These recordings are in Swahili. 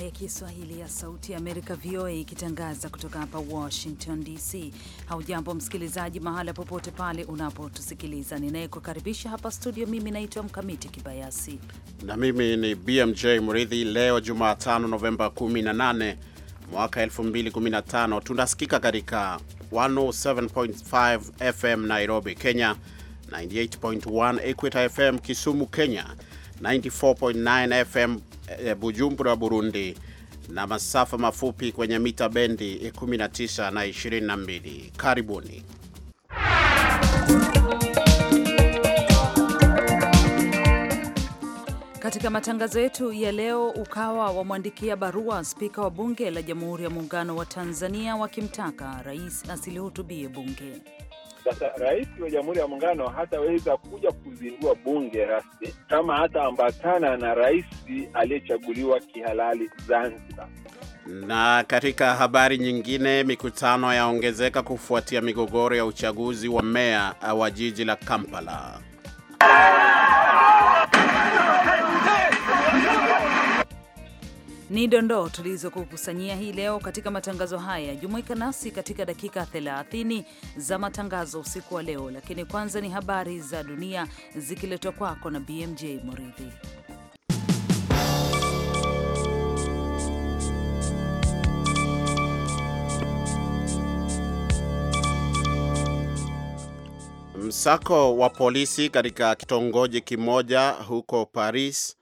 idhaa ya Kiswahili ya Sauti ya Amerika, VOA, ikitangaza kutoka hapa Washington DC. Haujambo msikilizaji, mahala popote pale unapotusikiliza. Ninayekukaribisha hapa studio, mimi naitwa Mkamiti Kibayasi na mimi ni BMJ Mridhi. Leo Jumatano, Novemba 18 mwaka 2015, tunasikika katika 107.5 FM Nairobi, Kenya, 98.1 Equita FM Kisumu, Kenya, 94.9 FM Eh, Bujumbura, Burundi, na masafa mafupi kwenye mita bendi 19 eh, na 22. Karibuni. Katika matangazo yetu ya leo, Ukawa wamwandikia barua spika wa bunge la Jamhuri ya Muungano wa Tanzania wakimtaka rais asilihutubie bunge. Sasa rais wa Jamhuri ya Muungano hataweza kuja kuzindua bunge rasmi kama hataambatana na rais aliyechaguliwa kihalali Zanzibar. Na katika habari nyingine, mikutano yaongezeka kufuatia migogoro ya uchaguzi wa meya wa jiji la Kampala. ni dondoo tulizokukusanyia hii leo katika matangazo haya. Jumuika nasi katika dakika 30 za matangazo usiku wa leo, lakini kwanza ni habari za dunia zikiletwa kwako na BMJ moridhi Msako wa polisi katika kitongoji kimoja huko Paris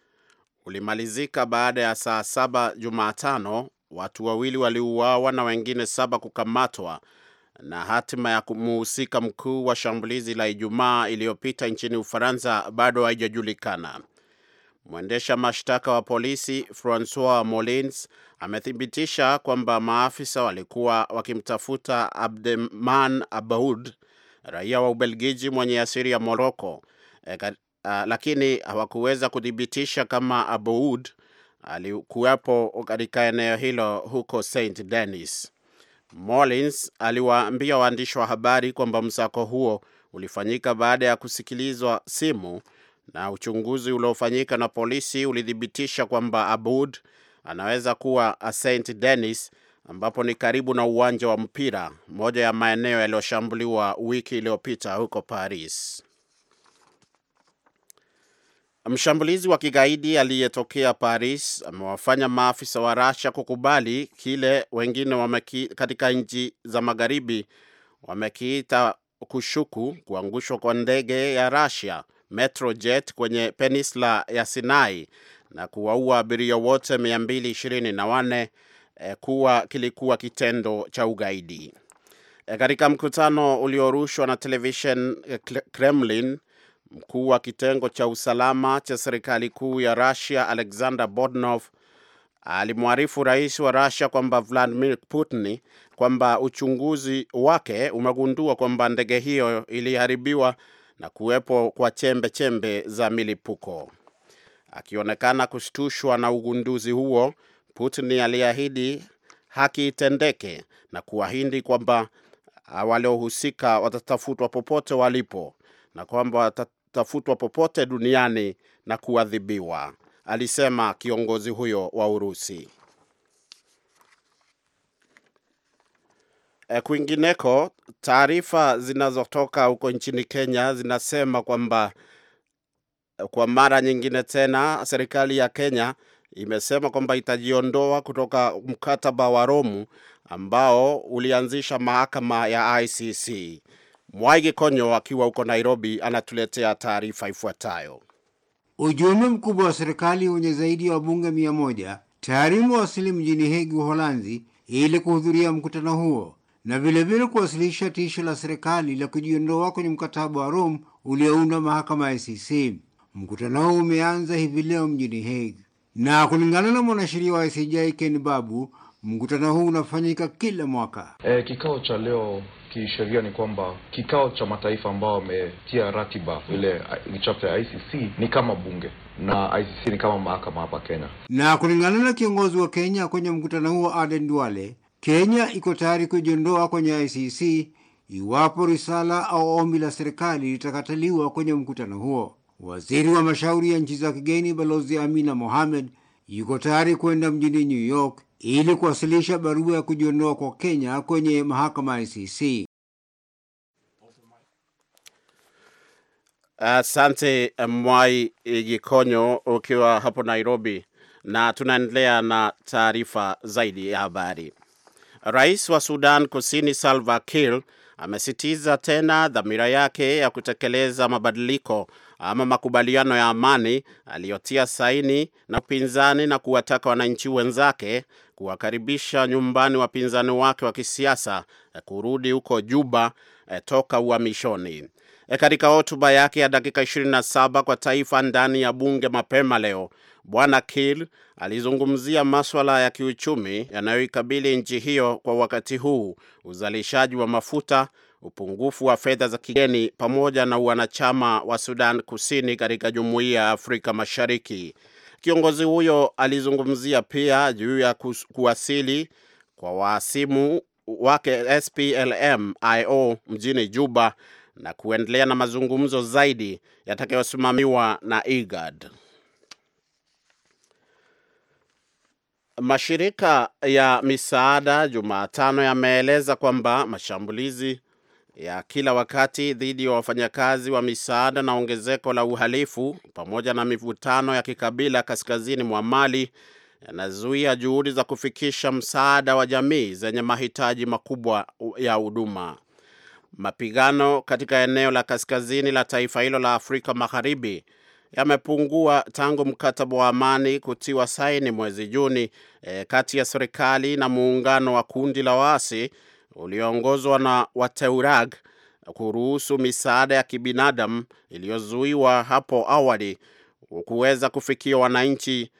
ulimalizika baada ya saa saba Jumatano, watu wawili waliuawa na wengine saba kukamatwa na hatima ya muhusika mkuu wa shambulizi la Ijumaa iliyopita nchini Ufaransa bado haijajulikana. Mwendesha mashtaka wa polisi Francois Molins amethibitisha kwamba maafisa walikuwa wakimtafuta Abdeman Abaud, raia wa Ubelgiji mwenye asili ya Moroko, uh, lakini hawakuweza kuthibitisha kama abud alikuwepo katika eneo hilo huko St Denis. Mullins aliwaambia waandishi wa habari kwamba msako huo ulifanyika baada ya kusikilizwa simu na uchunguzi uliofanyika na polisi ulithibitisha kwamba Abud anaweza kuwa St Denis ambapo ni karibu na uwanja wa mpira, moja ya maeneo yaliyoshambuliwa wiki iliyopita huko Paris. Mshambulizi wa kigaidi aliyetokea Paris amewafanya maafisa wa Russia kukubali kile wengine wameki, katika nchi za magharibi wamekiita kushuku kuangushwa kwa ndege ya Russia Metrojet kwenye peninsula ya Sinai na kuwaua abiria wote 224 eh, kuwa kilikuwa kitendo cha ugaidi. Eh, katika mkutano uliorushwa na television eh, Kremlin, Mkuu wa kitengo cha usalama cha serikali kuu ya rasia Alexander Bodnov alimwarifu rais wa rasia kwamba Vladimir Putin kwamba uchunguzi wake umegundua kwamba ndege hiyo iliharibiwa na kuwepo kwa chembe chembe za milipuko. Akionekana kushtushwa na ugunduzi huo, Putin aliahidi haki itendeke na kuahidi kwamba waliohusika watatafutwa popote walipo na kwamba kutafutwa popote duniani na kuadhibiwa, alisema kiongozi huyo wa Urusi. E, kwingineko taarifa zinazotoka huko nchini Kenya zinasema kwamba kwa mara nyingine tena serikali ya Kenya imesema kwamba itajiondoa kutoka mkataba wa Romu ambao ulianzisha mahakama ya ICC mwaige konyo akiwa huko Nairobi anatuletea taarifa ifuatayo. Ujumbe mkubwa wa serikali wenye zaidi ya wabunge mia moja tayari umewasili mjini Hegi, Uholanzi, ili kuhudhuria mkutano huo na vilevile kuwasilisha tisho la serikali la kujiondoa kwenye mkataba wa Rome uliounda mahakama ya ICC. Mkutano huo umeanza hivi leo mjini Hague, na kulingana na mwanasheria wa ICJ Ken Babu, Mkutano huu unafanyika kila mwaka. E, kikao cha leo kisheria ni kwamba kikao cha mataifa ambao wametia ratiba ile uh, chapter ya ICC ni kama bunge na ICC ni kama mahakama hapa Kenya. Na kulingana na kiongozi wa Kenya kwenye mkutano huo Aden Duale, Kenya iko tayari kujiondoa kwenye ICC iwapo risala au ombi la serikali litakataliwa kwenye mkutano huo. Waziri wa mashauri ya nchi za kigeni Balozi Amina Mohamed yuko tayari kwenda mjini New York ili kuwasilisha barua ya kujiondoa kwa Kenya kwenye mahakama ya ICC. Asante uh, Mwai Gikonyo ukiwa hapo Nairobi, na tunaendelea na taarifa zaidi ya habari. Rais wa Sudan Kusini Salva Kiir amesitiza tena dhamira yake ya kutekeleza mabadiliko ama makubaliano ya amani aliyotia saini na upinzani na kuwataka wananchi wenzake kuwakaribisha nyumbani wapinzani wake wa kisiasa kurudi huko Juba eh, toka uhamishoni. E, katika hotuba yake ya dakika 27 kwa taifa ndani ya bunge mapema leo, Bwana Kiir alizungumzia maswala ya kiuchumi yanayoikabili nchi hiyo kwa wakati huu, uzalishaji wa mafuta, upungufu wa fedha za kigeni, pamoja na wanachama wa Sudan Kusini katika Jumuiya ya Afrika Mashariki. Kiongozi huyo alizungumzia pia juu ya kuwasili kwa waasimu wake SPLM-IO mjini Juba na kuendelea na mazungumzo zaidi yatakayosimamiwa na IGAD. Mashirika ya misaada Jumatano yameeleza kwamba mashambulizi ya kila wakati dhidi ya wafanyakazi wa misaada na ongezeko la uhalifu pamoja na mivutano ya kikabila kaskazini mwa Mali yanazuia juhudi za kufikisha msaada wa jamii zenye mahitaji makubwa ya huduma. Mapigano katika eneo la kaskazini la taifa hilo la Afrika Magharibi yamepungua tangu mkataba wa amani kutiwa saini mwezi Juni e, kati ya serikali na muungano wa kundi la waasi ulioongozwa na Wateurag kuruhusu misaada ya kibinadamu iliyozuiwa hapo awali kuweza kufikia wananchi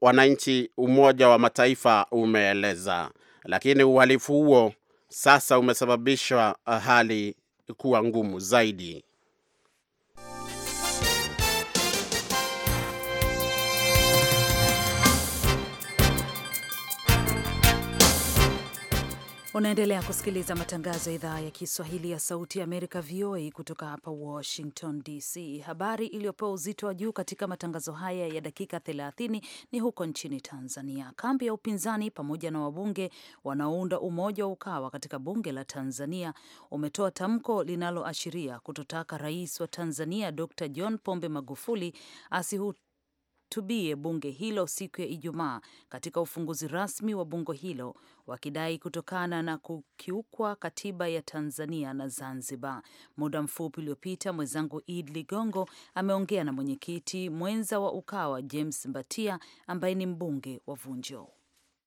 wananchi, Umoja wa Mataifa umeeleza. Lakini uhalifu huo sasa umesababisha ah, hali kuwa ngumu zaidi. Unaendelea kusikiliza matangazo ya idhaa ya Kiswahili ya Sauti ya Amerika, VOA, kutoka hapa Washington DC. Habari iliyopewa uzito wa juu katika matangazo haya ya dakika 30 ni huko nchini Tanzania. Kambi ya upinzani pamoja na wabunge wanaounda umoja wa Ukawa katika bunge la Tanzania umetoa tamko linaloashiria kutotaka rais wa Tanzania Dr John Pombe Magufuli asihu walihutubie bunge hilo siku ya Ijumaa katika ufunguzi rasmi wa bunge hilo wakidai kutokana na kukiukwa katiba ya Tanzania na Zanzibar. Muda mfupi uliopita, mwenzangu Id Ligongo ameongea na mwenyekiti mwenza wa Ukawa James Mbatia ambaye ni mbunge wa Vunjo.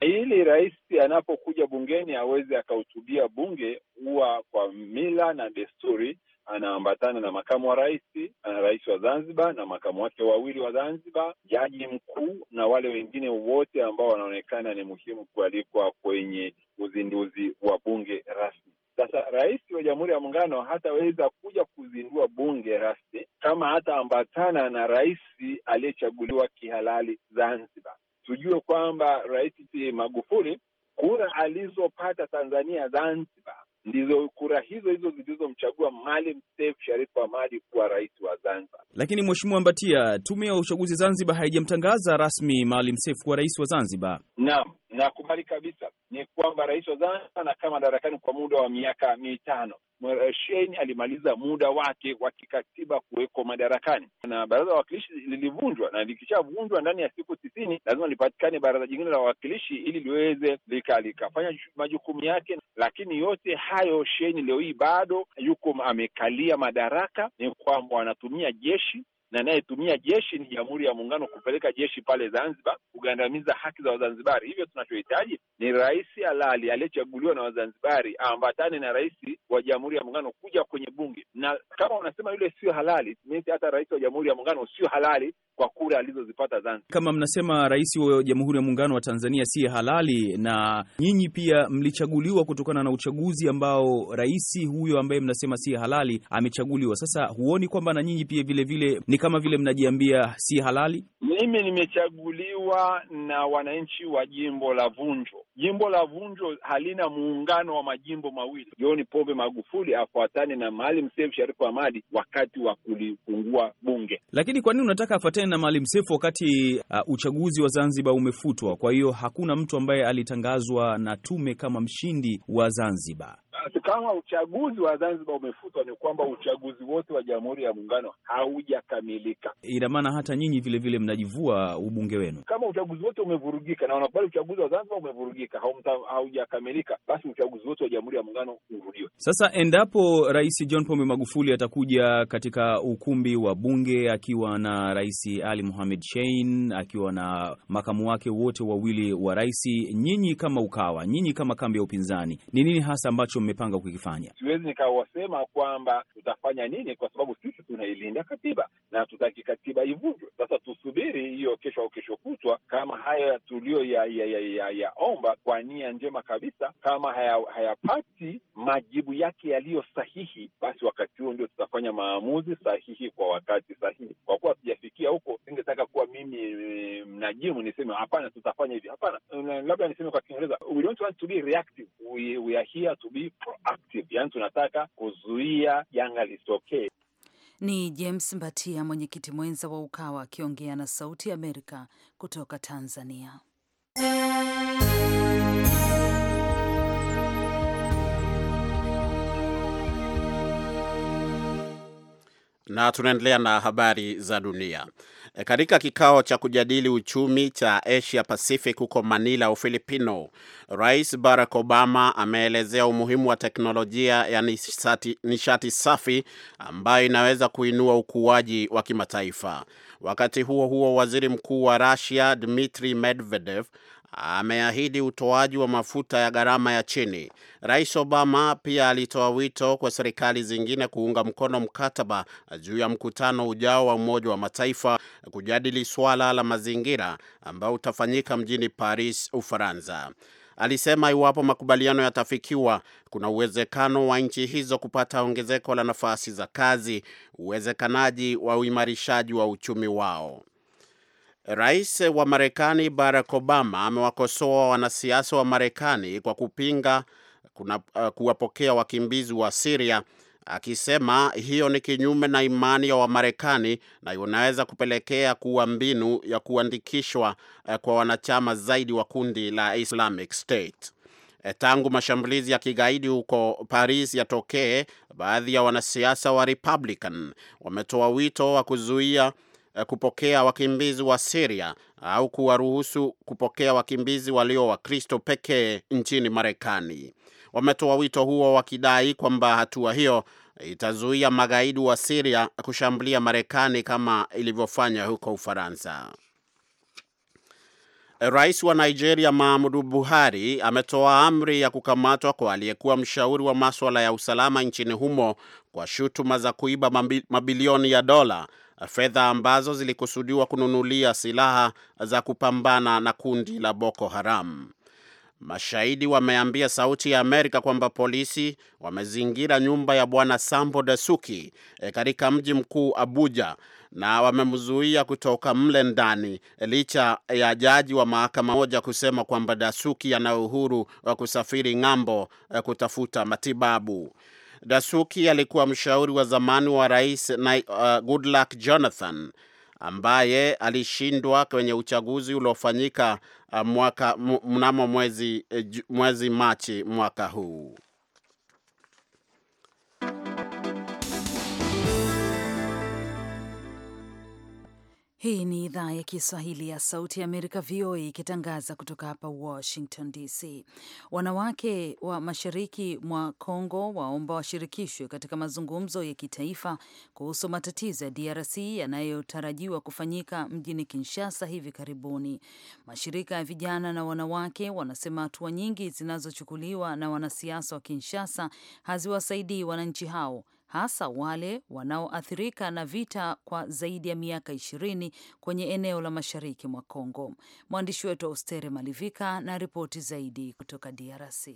Ili rais anapokuja bungeni aweze akahutubia bunge, huwa kwa mila na desturi anaambatana na makamu wa rais, ana rais wa Zanzibar na makamu wake wawili wa Zanzibar, jaji mkuu na wale wengine wote ambao wanaonekana ni muhimu kualikwa kwenye uzinduzi wa bunge rasmi. Sasa rais wa Jamhuri ya Muungano hataweza kuja kuzindua bunge rasmi kama hataambatana na rais aliyechaguliwa kihalali Zanzibar. Tujue kwamba Rais Magufuli kura alizopata Tanzania Zanzibar ndizo kura hizo hizo zilizomchagua Maalim Seif Sharif Hamad kuwa rais wa Zanzibar. Lakini Mheshimiwa Mbatia, tume ya uchaguzi Zanzibar haijamtangaza rasmi Maalim Seif kuwa rais wa Zanzibar. Naam, Nakubali kabisa ni kwamba rais wa Zanzibar anakaa madarakani kwa muda wa miaka mitano. Eh, Shein alimaliza muda wake wa kikatiba kuwekwa madarakani, na baraza la wawakilishi lilivunjwa, na likishavunjwa ndani ya siku tisini lazima lipatikane baraza jingine la wawakilishi ili liweze likafanya majukumu yake. Lakini yote hayo Shein leo hii bado yuko amekalia madaraka, ni kwamba wanatumia jeshi na anayetumia jeshi ni Jamhuri ya Muungano kupeleka jeshi pale Zanzibar kugandamiza haki za Wazanzibari. Hivyo tunachohitaji ni rais halali aliyechaguliwa na Wazanzibari aambatane na rais wa Jamhuri ya Muungano kuja kwenye bunge, na kama unasema yule sio halali, hata rais wa Jamhuri ya Muungano sio halali, kwa kura alizozipata Zanzibar. Kama mnasema rais wa Jamhuri ya Muungano wa Tanzania si halali, na nyinyi pia mlichaguliwa kutokana na uchaguzi ambao rais huyo ambaye mnasema si halali amechaguliwa. Sasa huoni kwamba na nyinyi pia vile vile ni kama vile mnajiambia si halali? Mimi nimechaguliwa na wananchi wa jimbo la Vunjo. Jimbo la Vunjo halina muungano wa majimbo mawili. John Pombe Magufuli afuatane na Maalim Seif Sharif Hamad wakati wa kulifungua bunge. Lakini kwa nini unataka afuatane na Maalim Seif wakati uh, uchaguzi wa Zanzibar umefutwa, kwa hiyo hakuna mtu ambaye alitangazwa na tume kama mshindi wa Zanzibar kama uchaguzi wa Zanzibar umefutwa, ni kwamba uchaguzi wote wa Jamhuri ya Muungano haujakamilika. Ina maana hata nyinyi vilevile mnajivua ubunge wenu. Kama uchaguzi wote umevurugika na wanakubali uchaguzi wa Zanzibar umevurugika, haujakamilika, basi uchaguzi wote wa Jamhuri ya Muungano urudiwe. Sasa endapo Rais John Pombe Magufuli atakuja katika ukumbi wa Bunge akiwa na Rais Ali Mohamed Shein akiwa na makamu wake wote wawili wa rais, nyinyi kama UKAWA, nyinyi kama kambi ya upinzani, ni nini hasa ambacho mmepanga kukifanya? Siwezi nikawasema kwamba tutafanya nini, kwa sababu sisi tunailinda katiba na tutaki katiba ivunjwe. Sasa tusubiri hiyo kesho au kesho kutwa, kama haya tuliyo ya, ya, ya, ya, kwa nia njema kabisa, kama hayapati haya majibu yake yaliyo sahihi, basi wakati huo ndio tutafanya maamuzi sahihi kwa wakati sahihi. Kwa kuwa sijafikia huko, singetaka kuwa mimi eh, mnajimu niseme hapana, tutafanya hivi. Hapana, labda niseme kwa Kiingereza, we don't want to be reactive, we, we are here to be proactive, yani tunataka kuzuia janga lisitokee. Ni James Mbatia, mwenyekiti mwenza wa UKAWA, akiongea na Sauti ya Amerika kutoka Tanzania. na tunaendelea na habari za dunia. E, katika kikao cha kujadili uchumi cha Asia Pacific huko Manila, Ufilipino, Rais Barack Obama ameelezea umuhimu wa teknolojia ya nishati, nishati safi ambayo inaweza kuinua ukuaji wa kimataifa. Wakati huo huo, Waziri Mkuu wa Russia Dmitry Medvedev ameahidi utoaji wa mafuta ya gharama ya chini. Rais Obama pia alitoa wito kwa serikali zingine kuunga mkono mkataba juu ya mkutano ujao wa Umoja wa Mataifa kujadili swala la mazingira ambao utafanyika mjini Paris, Ufaransa. Alisema iwapo makubaliano yatafikiwa, kuna uwezekano wa nchi hizo kupata ongezeko la nafasi za kazi, uwezekanaji wa uimarishaji wa uchumi wao. Rais wa Marekani Barack Obama amewakosoa wanasiasa wa Marekani kwa kupinga kuna, uh, kuwapokea wakimbizi wa Siria akisema hiyo ni kinyume na imani ya Wamarekani na inaweza kupelekea kuwa mbinu ya kuandikishwa uh, kwa wanachama zaidi wa kundi la Islamic State. Eh, tangu mashambulizi ya kigaidi huko Paris yatokee, baadhi ya wanasiasa wa Republican wametoa wito wa kuzuia Eh, kupokea wakimbizi wa siria au kuwaruhusu kupokea wakimbizi walio Wakristo pekee nchini Marekani. Wametoa wito huo wakidai kwamba hatua hiyo itazuia magaidi wa siria kushambulia Marekani kama ilivyofanya huko Ufaransa. Rais wa Nigeria Muhammadu Buhari ametoa amri ya kukamatwa kwa aliyekuwa mshauri wa maswala ya usalama nchini humo kwa shutuma za kuiba mabilioni ya dola fedha ambazo zilikusudiwa kununulia silaha za kupambana na kundi la Boko Haram. Mashahidi wameambia Sauti ya Amerika kwamba polisi wamezingira nyumba ya Bwana Sambo Dasuki e, katika mji mkuu Abuja na wamemzuia kutoka mle ndani eh, licha ya jaji wa mahakama moja kusema kwamba Dasuki ana uhuru wa kusafiri ng'ambo eh, kutafuta matibabu. Dasuki alikuwa mshauri wa zamani wa rais uh, Goodluck Jonathan ambaye alishindwa kwenye uchaguzi uliofanyika uh, mwaka mnamo mwezi, eh, mwezi Machi mwaka huu. Hii ni idhaa ya Kiswahili ya Sauti ya Amerika, VOA, ikitangaza kutoka hapa Washington DC. Wanawake wa mashariki mwa congo waomba washirikishwe katika mazungumzo ya kitaifa kuhusu matatizo ya DRC yanayotarajiwa kufanyika mjini Kinshasa hivi karibuni. Mashirika ya vijana na wanawake wanasema hatua nyingi zinazochukuliwa na wanasiasa wa Kinshasa haziwasaidii wananchi hao hasa wale wanaoathirika na vita kwa zaidi ya miaka ishirini kwenye eneo la mashariki mwa Kongo. Mwandishi wetu wa Austere Malivika na ripoti zaidi kutoka DRC.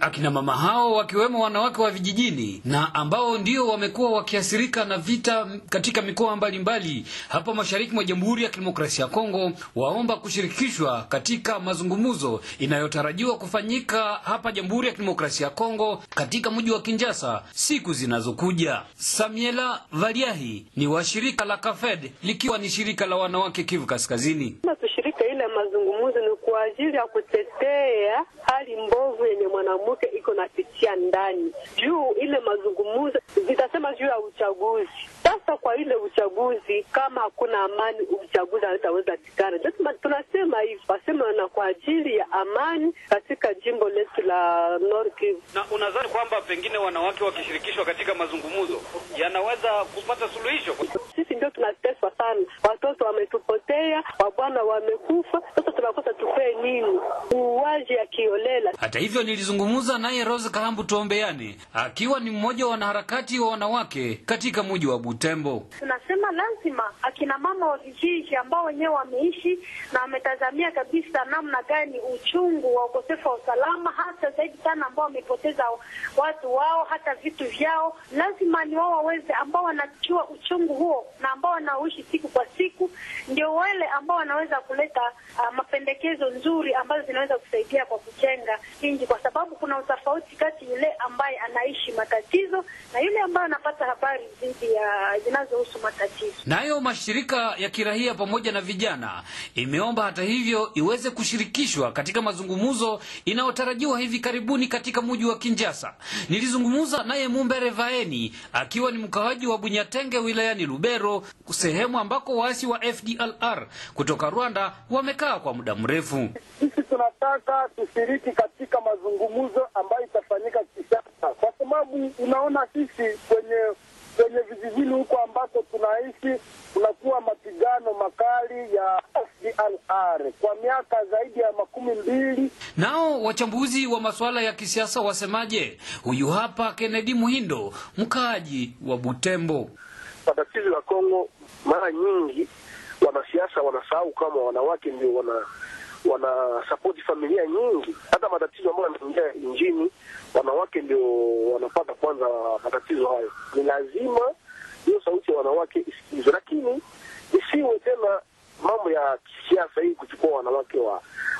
Akina mama hao wakiwemo wanawake wa vijijini na ambao ndio wamekuwa wakiathirika na vita katika mikoa mbalimbali mbali, hapa mashariki mwa Jamhuri ya Kidemokrasia ya Kongo waomba kushirikishwa katika mazungumzo inayotarajiwa kufanyika hapa Jamhuri ya Kidemokrasia ya Kongo katika mji wa Kinshasa siku zinazokuja. Samiela Valiahi ni wa shirika la Kafed likiwa ni shirika la wanawake Kivu Kaskazini. Tushirika ile mazungumzo kwa ajili ya kutetea hali mbovu yenye mwanamke iko napitia ndani, juu ile mazungumzo zitasema juu ya uchaguzi. Sasa kwa ile uchaguzi, kama hakuna amani, uchaguzi hautaweza tikana. Tunasema hivi wasema na kwa ajili ya amani katika jimbo letu la Nord Kivu. Na unadhani kwamba pengine wanawake wakishirikishwa katika mazungumzo yanaweza kupata suluhisho? Sisi ndio tunateswa sana, watoto wametupotea, wabwana wamekufa, sasa tunakosa tupe iwe ni uuaji akiolela. Hata hivyo, nilizungumza naye Rose Kahambu Tuombeani akiwa ni mmoja wa wanaharakati wa wanawake katika mji wa Butembo. Tunasema lazima akina mama wa vijiji ambao wenyewe wameishi na wametazamia kabisa namna gani uchungu wa ukosefu wa usalama, hasa zaidi sana ambao wamepoteza watu wao hata vitu vyao, lazima ni wao waweze ambao wanajua uchungu huo na ambao wanaoishi siku kwa siku, ndio wale ambao wanaweza kuleta uh, mapendekezo nyenzo nzuri ambazo zinaweza kusaidia kwa kujenga nchi, kwa sababu kuna utofauti kati yule ambaye anaishi matatizo na yule ambaye anapata habari dhidi ya zinazohusu matatizo. Nayo mashirika ya kiraia pamoja na vijana imeomba hata hivyo iweze kushirikishwa katika mazungumzo inayotarajiwa hivi karibuni katika mji wa Kinjasa. Nilizungumza naye Mumbere Vaeni akiwa ni mkawaji wa Bunyatenge wilayani Lubero, sehemu ambako waasi wa FDLR kutoka Rwanda wamekaa kwa muda mrefu mrefu. Sisi tunataka tushiriki katika mazungumzo ambayo itafanyika kisasa kwa sababu unaona sisi kwenye kwenye vijijini huko ambako tunaishi kunakuwa mapigano makali ya FDLR kwa miaka zaidi ya makumi mbili. Nao wachambuzi wa masuala ya kisiasa wasemaje? Huyu hapa Kennedy Muhindo, mkaaji wa Butembo. Matatizo ya Kongo, mara nyingi wanasiasa wanasahau kama wanawake ndio wana wanasapoti familia nyingi. Hata matatizo ambayo yanaingia nchini, wanawake ndio wanapata kwanza matatizo hayo. Ni lazima hiyo sauti ya wanawake isikilizwe, lakini isiwe tena mambo ya kisiasa hii kuchukua wanawake wa,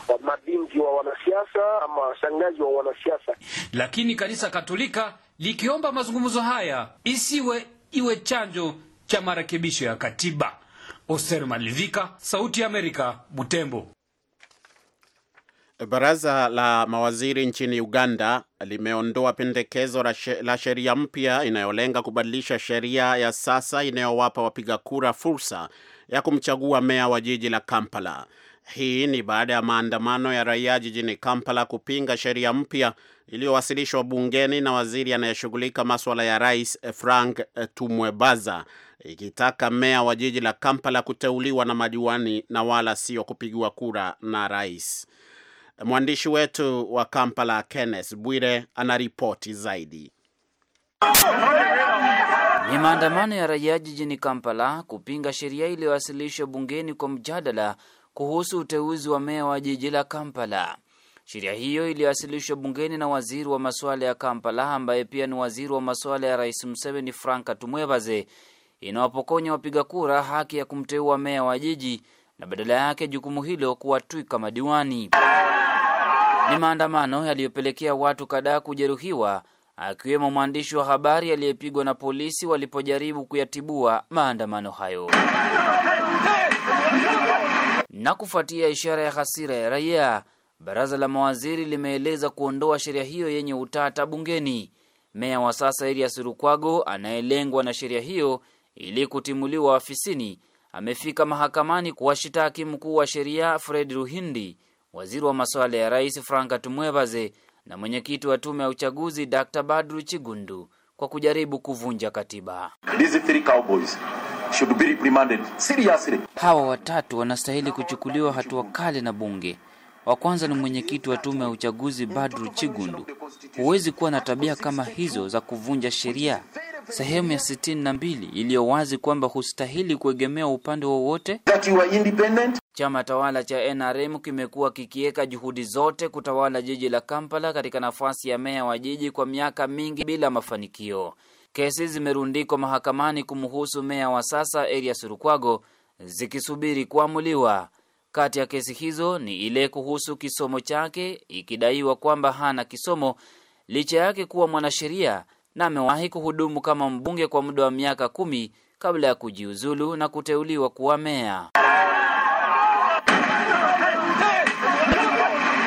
wa mabinti wa wanasiasa ama shangazi wa wanasiasa. Lakini kanisa Katolika likiomba mazungumzo haya isiwe iwe chanjo cha marekebisho ya katiba. Oser Malivika, Sauti ya Amerika, Butembo. Baraza la mawaziri nchini Uganda limeondoa pendekezo la sheria mpya inayolenga kubadilisha sheria ya sasa inayowapa wapiga kura fursa ya kumchagua meya wa jiji la Kampala. Hii ni baada ya maandamano ya raia jijini Kampala kupinga sheria mpya iliyowasilishwa bungeni na waziri anayeshughulika maswala ya rais eh, Frank eh, Tumwebaza, ikitaka meya wa jiji la Kampala kuteuliwa na madiwani na wala sio kupigiwa kura na rais. Mwandishi wetu wa Kampala, Kenneth Bwire, anaripoti zaidi. Ni maandamano ya raia jijini Kampala kupinga sheria iliyowasilishwa bungeni kwa mjadala kuhusu uteuzi wa meya wa jiji la Kampala. Sheria hiyo iliyowasilishwa bungeni na waziri wa masuala ya Kampala ambaye pia ni waziri wa masuala ya Rais Museveni, Frank Atumwebaze, inawapokonya wapiga kura haki ya kumteua meya wa jiji na badala yake jukumu hilo kuwatwika madiwani. Ni maandamano yaliyopelekea watu kadhaa kujeruhiwa akiwemo mwandishi wa habari aliyepigwa na polisi walipojaribu kuyatibua maandamano hayo. Na kufuatia ishara ya hasira ya raia, baraza la mawaziri limeeleza kuondoa sheria hiyo yenye utata bungeni. Meya wa sasa erias Rukwago anayelengwa na sheria hiyo ili kutimuliwa afisini amefika mahakamani kuwashitaki mkuu wa sheria Fred Ruhindi waziri wa masuala ya rais Franka Tumwebaze na mwenyekiti wa tume ya uchaguzi Dr. Badru Chigundu kwa kujaribu kuvunja katiba. These three cowboys should be reprimanded seriously. Hawa watatu wanastahili kuchukuliwa hatua kali na bunge. Wa kwanza ni mwenyekiti wa tume ya uchaguzi Badru Chigundu. Huwezi kuwa na tabia kama hizo za kuvunja sheria. Sehemu ya sitini na mbili iliyo wazi kwamba hustahili kuegemea upande wowote. Chama tawala cha NRM kimekuwa kikiweka juhudi zote kutawala jiji la Kampala katika nafasi ya meya wa jiji kwa miaka mingi bila mafanikio. Kesi zimerundikwa mahakamani kumhusu meya wa sasa Erias Lukwago zikisubiri kuamuliwa. Kati ya kesi hizo ni ile kuhusu kisomo chake, ikidaiwa kwamba hana kisomo licha yake kuwa mwanasheria na amewahi kuhudumu kama mbunge kwa muda wa miaka kumi kabla ya kujiuzulu na kuteuliwa kuwa meya.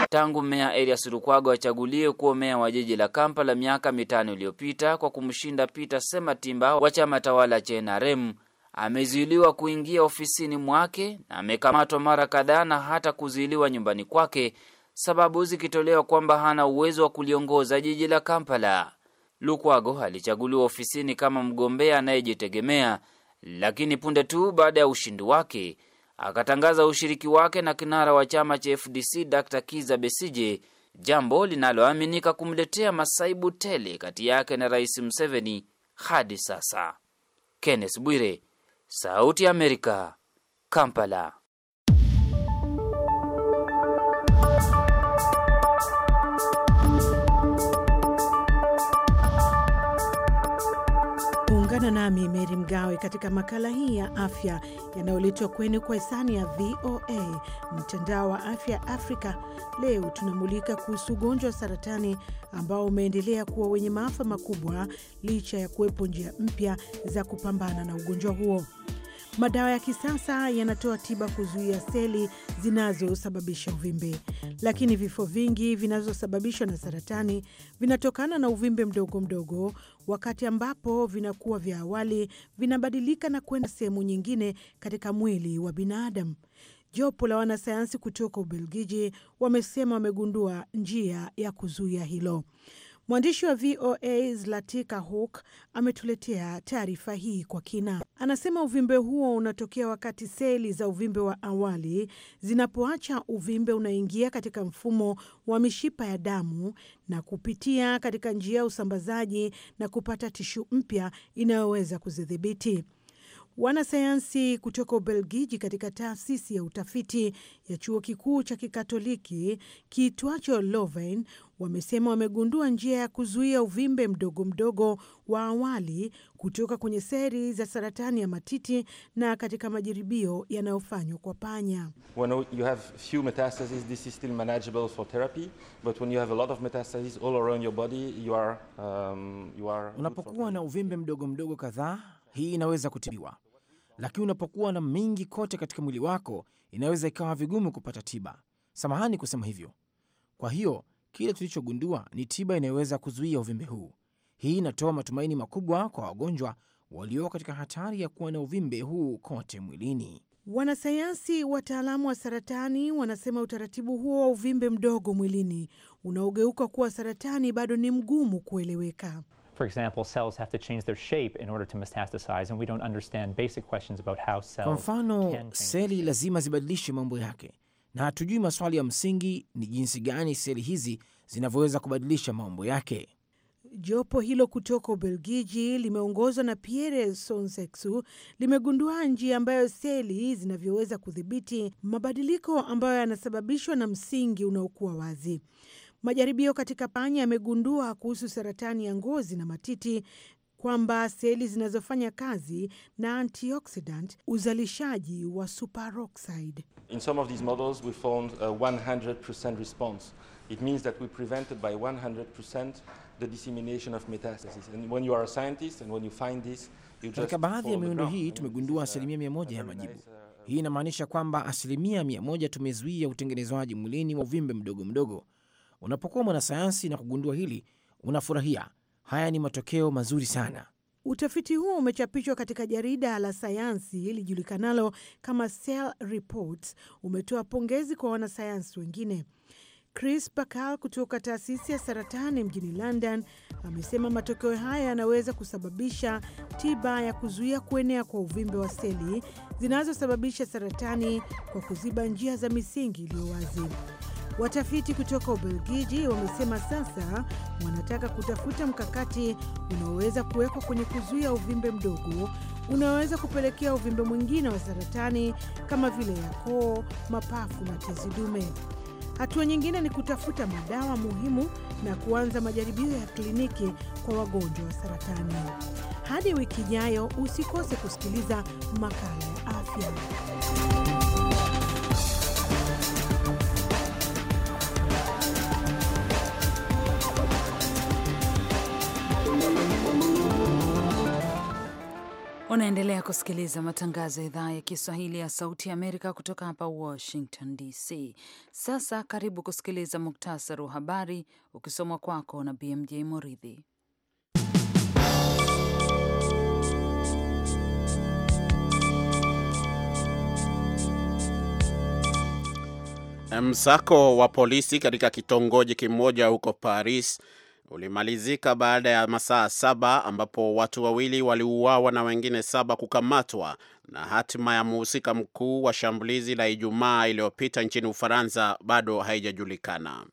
tangu meya erias Lukwago achaguliwe kuwa meya wa jiji la Kampala miaka mitano iliyopita kwa kumshinda Peter Sematimba wa chama tawala cha NRM, amezuiliwa kuingia ofisini mwake na amekamatwa mara kadhaa na hata kuzuiliwa nyumbani kwake, sababu zikitolewa kwamba hana uwezo wa kuliongoza jiji la Kampala. Lukwago alichaguliwa ofisini kama mgombea anayejitegemea, lakini punde tu baada ya ushindi wake akatangaza ushiriki wake na kinara wa chama cha FDC Dr. Kiza Besije, jambo linaloaminika kumletea masaibu tele kati yake na Rais Museveni hadi sasa. Kenneth Bwire, Sauti ya Amerika, Kampala. Meri Mgawe katika makala hii ya afya yanayoletwa kwenu kwa hisani ya VOA mtandao wa afya Afrika. Leo tunamulika kuhusu ugonjwa wa saratani ambao umeendelea kuwa wenye maafa makubwa licha ya kuwepo njia mpya za kupambana na ugonjwa huo. Madawa ya kisasa yanatoa tiba kuzuia seli zinazosababisha uvimbe, lakini vifo vingi vinazosababishwa na saratani vinatokana na uvimbe mdogo mdogo, wakati ambapo vinakuwa vya awali, vinabadilika na kwenda sehemu nyingine katika mwili wa binadamu. Jopo la wanasayansi kutoka Ubelgiji wamesema wamegundua njia ya kuzuia hilo. Mwandishi wa VOA Zlatika Hawk ametuletea taarifa hii kwa kina. Anasema uvimbe huo unatokea wakati seli za uvimbe wa awali zinapoacha uvimbe, unaingia katika mfumo wa mishipa ya damu na kupitia katika njia ya usambazaji na kupata tishu mpya inayoweza kuzidhibiti. Wanasayansi kutoka Ubelgiji katika taasisi ya utafiti ya chuo kikuu cha kikatoliki kiitwacho Leuven wamesema wamegundua njia ya kuzuia uvimbe mdogo mdogo wa awali kutoka kwenye seli za saratani ya matiti na katika majaribio yanayofanywa kwa panya. Unapokuwa na uvimbe mdogo mdogo kadhaa, hii inaweza kutibiwa lakini unapokuwa na mingi kote katika mwili wako inaweza ikawa vigumu kupata tiba. Samahani kusema hivyo. Kwa hiyo kile tulichogundua ni tiba inayoweza kuzuia uvimbe huu. Hii inatoa matumaini makubwa kwa wagonjwa walio katika hatari ya kuwa na uvimbe huu kote mwilini. Wanasayansi wataalamu wa saratani wanasema utaratibu huo wa uvimbe mdogo mwilini unaogeuka kuwa saratani bado ni mgumu kueleweka. For example, cells have to change their shape in order to metastasize and we don't understand basic questions about how cells. Kwa mfano, seli lazima zibadilishe mambo yake na hatujui maswali ya msingi ni jinsi gani seli hizi zinavyoweza kubadilisha mambo yake. Jopo hilo kutoka Ubelgiji limeongozwa na Pierre Sonseksu limegundua njia ambayo seli zinavyoweza kudhibiti mabadiliko ambayo yanasababishwa na msingi unaokuwa wazi. Majaribio katika panya yamegundua kuhusu saratani ya ngozi na matiti kwamba seli zinazofanya kazi na antioxidant uzalishaji wa superoxide. In some of these models we found a 100% response. It means that we prevented by 100% the dissemination of metastasis. And when you are a scientist and when you find this, you just Katika baadhi ya miundo hii tumegundua uh, asilimia mia moja ya majibu. Uh, hii inamaanisha kwamba asilimia mia moja tumezuia utengenezwaji mwilini wa uvimbe mdogo mdogo Unapokuwa mwanasayansi na kugundua hili, unafurahia. Haya ni matokeo mazuri sana. Utafiti huo umechapishwa katika jarida la sayansi lijulikanalo kama Cell Reports. Umetoa pongezi kwa wanasayansi wengine. Chris Pakal kutoka taasisi ya saratani mjini London amesema matokeo haya yanaweza kusababisha tiba ya kuzuia kuenea kwa uvimbe wa seli zinazosababisha saratani kwa kuziba njia za misingi iliyo wazi. Watafiti kutoka Ubelgiji wamesema sasa wanataka kutafuta mkakati unaoweza kuwekwa kwenye kuzuia uvimbe mdogo unaoweza kupelekea uvimbe mwingine wa saratani kama vile ya koo, mapafu na tezi dume. Hatua nyingine ni kutafuta madawa muhimu na kuanza majaribio ya kliniki kwa wagonjwa wa saratani. Hadi wiki ijayo, usikose kusikiliza makala ya afya. Unaendelea kusikiliza matangazo ya idhaa ya Kiswahili ya Sauti ya Amerika kutoka hapa Washington DC. Sasa karibu kusikiliza muktasari wa habari ukisomwa kwako na BMJ Moridhi. Msako wa polisi katika kitongoji kimoja huko Paris ulimalizika baada ya masaa saba ambapo watu wawili waliuawa na wengine saba kukamatwa na hatima ya mhusika mkuu wa shambulizi la Ijumaa iliyopita nchini Ufaransa bado haijajulikana.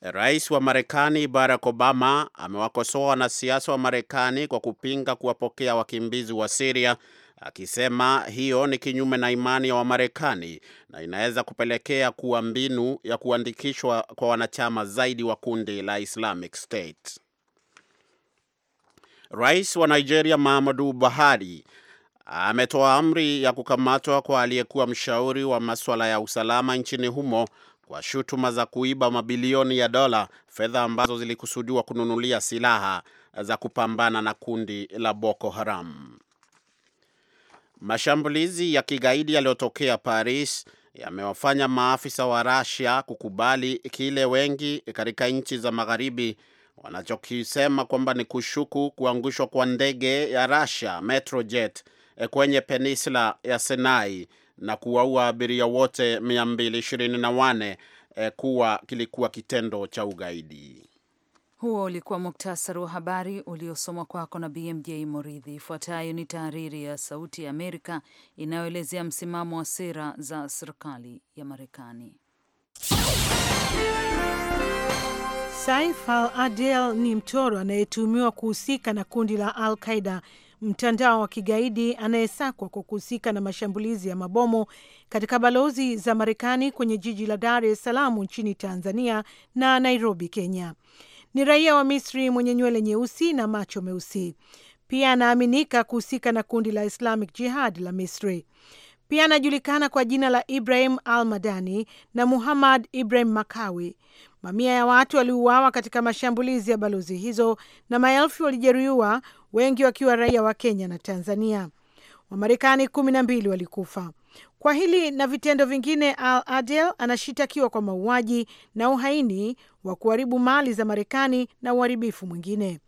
Rais wa Marekani Barack Obama amewakosoa wanasiasa wa Marekani kwa kupinga kuwapokea wakimbizi wa Siria akisema hiyo ni kinyume na imani ya Wamarekani na inaweza kupelekea kuwa mbinu ya kuandikishwa kwa wanachama zaidi wa kundi la Islamic State. Rais wa Nigeria Muhammadu Buhari ametoa amri ya kukamatwa kwa aliyekuwa mshauri wa maswala ya usalama nchini humo kwa shutuma za kuiba mabilioni ya dola, fedha ambazo zilikusudiwa kununulia silaha za kupambana na kundi la Boko Haram. Mashambulizi ya kigaidi yaliyotokea Paris yamewafanya maafisa wa Russia kukubali kile wengi katika nchi za magharibi wanachokisema kwamba ni kushuku kuangushwa kwa ndege ya Russia Metrojet kwenye peninsula ya Sinai na kuwaua abiria wote 224 eh, kuwa kilikuwa kitendo cha ugaidi. Huo ulikuwa muktasari wa habari uliosomwa kwako na BMJ Moridhi. Ifuatayo ni tahariri ya Sauti ya Amerika inayoelezea msimamo wa sera za serikali ya Marekani. Saif al-Adel ni mtoro anayetuhumiwa kuhusika na kundi la Al Qaida, mtandao wa kigaidi anayesakwa kwa kuhusika na mashambulizi ya mabomu katika balozi za Marekani kwenye jiji la Dar es Salaam nchini Tanzania na Nairobi, Kenya. Ni raia wa Misri mwenye nywele nyeusi na macho meusi. Pia anaaminika kuhusika na kundi la Islamic Jihad la Misri. Pia anajulikana kwa jina la Ibrahim Al Madani na Muhammad Ibrahim Makawi. Mamia ya watu waliuawa katika mashambulizi ya balozi hizo na maelfu walijeruhiwa, wengi wakiwa raia wa Kenya na Tanzania. Wamarekani kumi na mbili walikufa. Kwa hili na vitendo vingine, Al Adel anashitakiwa kwa mauaji na uhaini wa kuharibu mali za Marekani na uharibifu mwingine.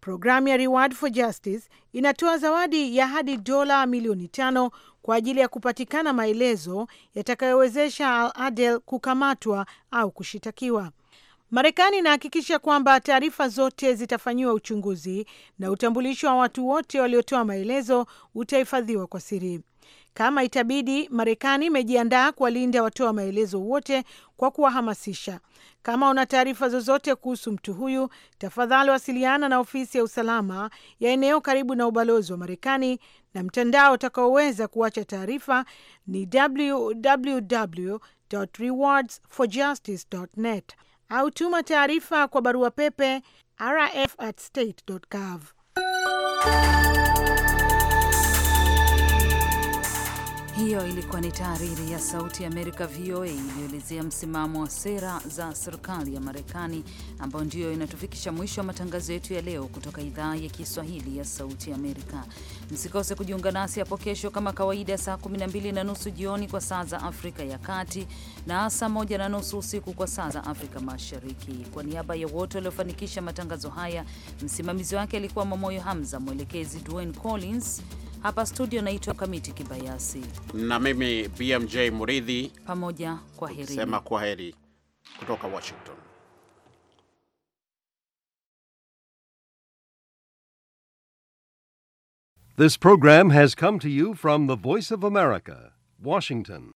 Programu ya Reward for Justice inatoa zawadi ya hadi dola milioni tano kwa ajili ya kupatikana maelezo yatakayowezesha Al Adel kukamatwa au kushitakiwa. Marekani inahakikisha kwamba taarifa zote zitafanyiwa uchunguzi na utambulisho wa watu wote waliotoa maelezo utahifadhiwa kwa siri. Kama itabidi, Marekani imejiandaa kuwalinda watoa maelezo wote kwa kuwahamasisha. Kama una taarifa zozote kuhusu mtu huyu, tafadhali wasiliana na ofisi ya usalama ya eneo karibu na ubalozi wa Marekani, na mtandao utakaoweza kuacha taarifa ni www.rewardsforjustice.net au tuma taarifa kwa barua pepe rf@state.gov. Hiyo ilikuwa ni tahariri ya Sauti ya Amerika, VOA, iliyoelezea msimamo wa sera za serikali ya Marekani, ambayo ndiyo inatufikisha mwisho wa matangazo yetu ya leo kutoka idhaa ya Kiswahili ya Sauti ya Amerika. Msikose kujiunga nasi hapo kesho kama kawaida, saa 12 na nusu jioni kwa saa za Afrika ya Kati na saa 1 na nusu usiku kwa saa za Afrika Mashariki. Kwa niaba ya wote waliofanikisha matangazo haya, msimamizi wake alikuwa Mamoyo Hamza, mwelekezi Dwayne Collins. Hapa studio naitwa Kamiti Kibayasi na mimi BMJ Muridhi, pamoja kwa heri, sema kwa heri kutoka Washington. This program has come to you from the Voice of America, Washington.